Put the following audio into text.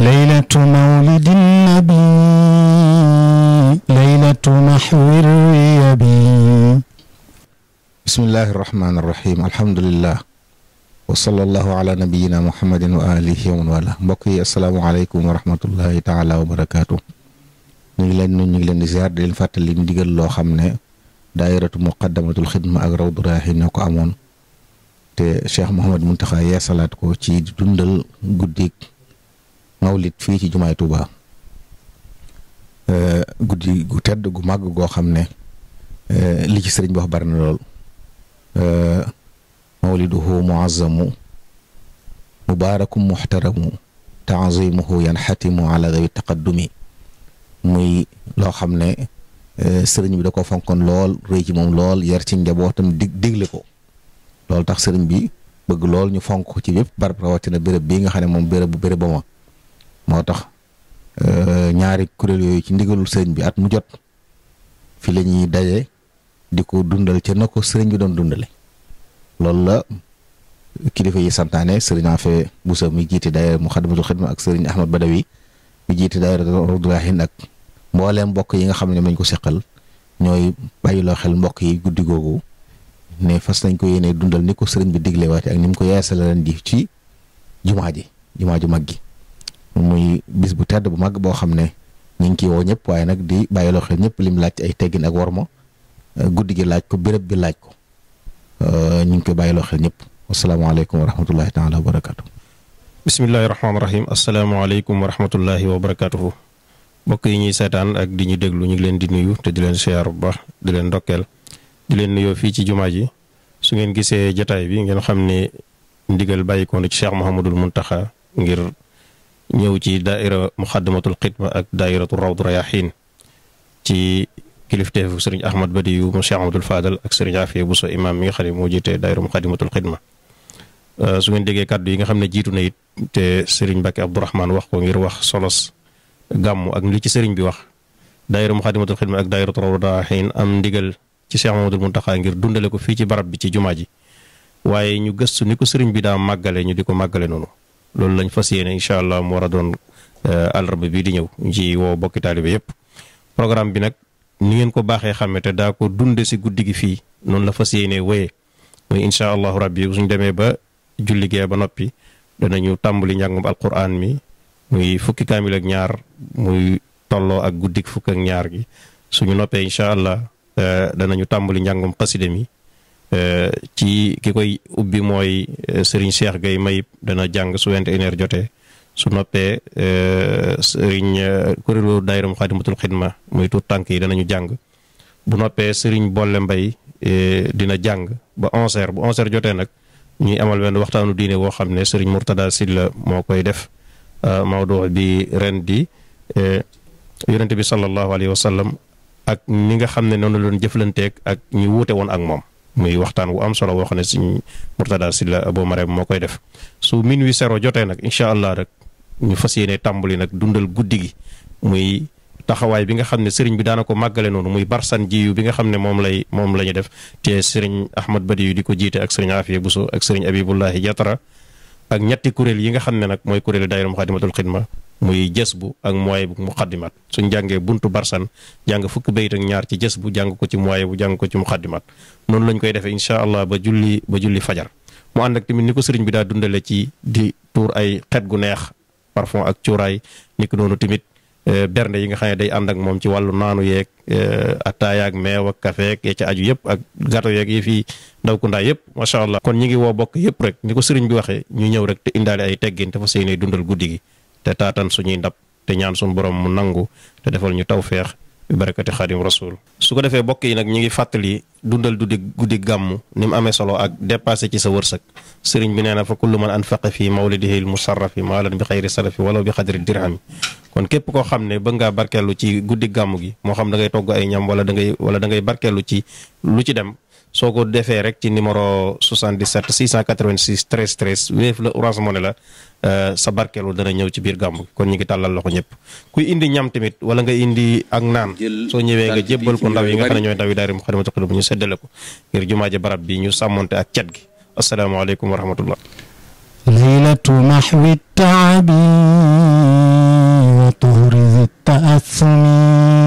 ليلة مولد النبي ليلة نحو الريبي بسم الله الرحمن الرحيم الحمد لله وصلى الله على نبينا محمد وآله ومن taala wa barakaatu ñu ngi leen ñu ngi leen di ziar di leen fàttali ndigal loo xam ne daayiratu muqaddamatul xidma ak rawdu raaxi ko amoon te Cheikh Mouhamed Mountakha yeesalaat ko ci dundal guddik mawlit fii ci jumaay Touba euh, guddi gu tedd gu màgg goo xam ne euh, li ci sëriñ bi wax bari na lool euh, mawliduhu muazzamu mubaarakum muxtaramu taazimuhu yanxatimu ala dawi taqaddumi muy loo xam ne sëriñ bi da ko fonkoon lool rëy ci moom lool yar ci njabootam dig digle ko loolu tax sëriñ bi bëgg lool ñu fonk ci bépp barab rawatina béréb bii nga xam ne moom bërëb bu béréb ba ma moo tax euh, ñaari kuréel yooyu ci ndigalul sëriñ bi at mu jot fi la ñuy daje di ko dundal ca na ko sëriñ bi doon dundale loolu la kilifa yi santaane sëriñ Afe Busa mi jiite daayira Muxaddamatul Xidma ak sëriñ Ahmad Badawi mi jiite daayira Rudrahin ak mbooleem mbokk yi nga xam ne mañ ko seqal ñooy bàyyiloo xel mbokk yi guddi googu ne fas nañ ko yéene dundal ni ko sëriñ bi digle waate ak ni mu ko yeesala leen di ci jumaa ji jumaa ju mag gi muy bis bu tedd bu mag boo xam ne ñu ngi ciy woo ñëpp waaye nag di bàyyiloo xel ñëpp lim laaj ay teggin ak ma euh, guddi gi laaj ko bërëb bi laaj ko euh, ñu ngi koy bàyyiloo xel ñëpp asalaamaaleykum wa rahmatullahi taala wa barakaatu. bismillahi rahmaani rahim asalaamaaleykum wa rahmatullahi wa barakaatu. mbokk yi ñuy seetaan ak di ñu déglu ñu ngi leen di nuyu te di leen siyaar bu baax di leen ndokkeel di leen nuyoo fii ci jumaa ji su ngeen gisee jataay bi ngeen xam ne ndigal bàyyikoon ci Cheikh Mouhamadul Muntaxa ngir. ñëw ci daaira muxaddamatul xidma ak daairatu rawdu rayaxiin ci kilifteefu sëriñ ahmad badiyu mu cheikh bu so imam mi nga moo jiite daaira muxaddamatul xidma euh, su ngeen déggee kàddu yi nga xam ne jiitu na it te sëriñ Mbàkke Abdourahman wax ko ngir wax solos gàmmu ak li ci sëriñ bi wax daaira muxaddamatul xidma ak daairatu rawdu am ndigal ci cheikh ahmadul muntaxa ngir dundale ko fii ci barab bi ci jumaa ji waaye ñu gëstu ni ko sëriñ bi daa màggale ñu di ko màggale noonu loolu lañ fas yéene incha allah mu war a doon euh, àllarba bii di ñëw ci woo bokki taalibe yëpp programme bi nag ni ngeen ko baaxee xàmme te daa ko dunde si guddi gi fii noonu la fas yéene wéyee muy incha allahu rabbi suñ demee ba julli gee ba noppi danañu tàmbali njàngum alquran mi muy fukki kaamil ak ñaar muy tolloo ak guddik fukk ak ñaar gi suñu noppee incha allah euh, danañu tàmbali njàngum xaside mi Eh, ci ki koy ubbi mooy eh, sëriñ Cheikh Gueye Mayib dana jàng su wente une jotee su noppee eh, Serigne kuréelu daayira Muxaddamatul Xidma muy tuut tànk yi danañu jàng bu noppee Serigne Bolle Mbay dina jàng ba onze heures bu onze jotee nag ñuy amal benn waxtaanu diine woo xam ne Serigne Mourtada Sylla moo koy def mawdu bi ren di yonente bi sallallahu alayhi wa sallam ak ni nga xam ne noonu la doon ak ñu wuute woon ak moom. muy waxtaan wu am solo woo xam ne suñ Mourtada Sylla Abo Marème moo koy def su min wi sero jotee nag incha allah rek ñu fas yéene tàmbali nag dundal guddi gi muy taxawaay bi nga xam ne sëriñ bi daana ko màggale noonu muy barsan jiyu bi nga xam ne moom lay moom la def te sëriñ Ahmad Badiyu di ko jiite ak sëriñ Afiya Buso ak sëriñ Abibullahi Jatara ak ñetti kuréel yi nga xam ne nag mooy kuréelu daayira Muxaddamatul Xidma muy jës bu ak mooye bu muqaddimat suñ jàngee buntu barsan jàng fukk bayit ak ñaar ci jës bu jàng ko ci mooye bu jàng ko ci muqaddimat noonu lañ koy defee incha allah ba julli ba julli fajar mu ànd ak tamit ni ko sëriñ bi daa dundale ci di tuur ay xet gu neex parfum ak cuuraay ni ko noonu tamit e, bernde yi nga xam ne day ànd ak moom ci wàllu naanu yeeg e, ataaya ak meew ak café ak ya aju yëpp ak gato yeeg yi fii ndaw ku ndaa yëpp macha allah kon ñi ngi woo bokk yëpp rek ni ko sëriñ bi waxee ñu ñëw rek te indaale ay teggin te fa seen dundal guddi gi te taatan suñuy ndab te ñaan suñu borom mu nangu te defal ñu tawféex bi barakati xaadim rasul su ko defee bokk yi nag ñu ngi fàttali dundal du di guddi gàmm ni mu amee solo ak dépassé ci sa wërsëg sëriñ bi nee na fa kullu man an anfaqa fi di mawlidihi l musarrafi maalan bi xayri fi walaw bi xadri dirhami kon képp koo xam ne bëgg ngaa barkeelu ci guddi gàmm gi moo xam da ngay togg ay ñam wala da ngay wala da ngay barkeelu ci lu ci dem soo ko defee rek ci numéro 77 686 13 13 Wave la Orange Money la euh, sa barkeelu dana ñëw ci biir gàmmu kon ñu ngi tàllal loxo ñëpp kuy indi ñam tamit wala nga indi ak naan soo ñëwee nga jébbal ko ndaw yi nga xam ne ñooy ndaw yi daari mu xadimatu xidma bu ñu seddale ko ngir jumaaje barab bi ñu sàmmonte ak cet gi asalaamaaleykum wa rahmatullah laylatu mahwi taabi wa tuhri taasmi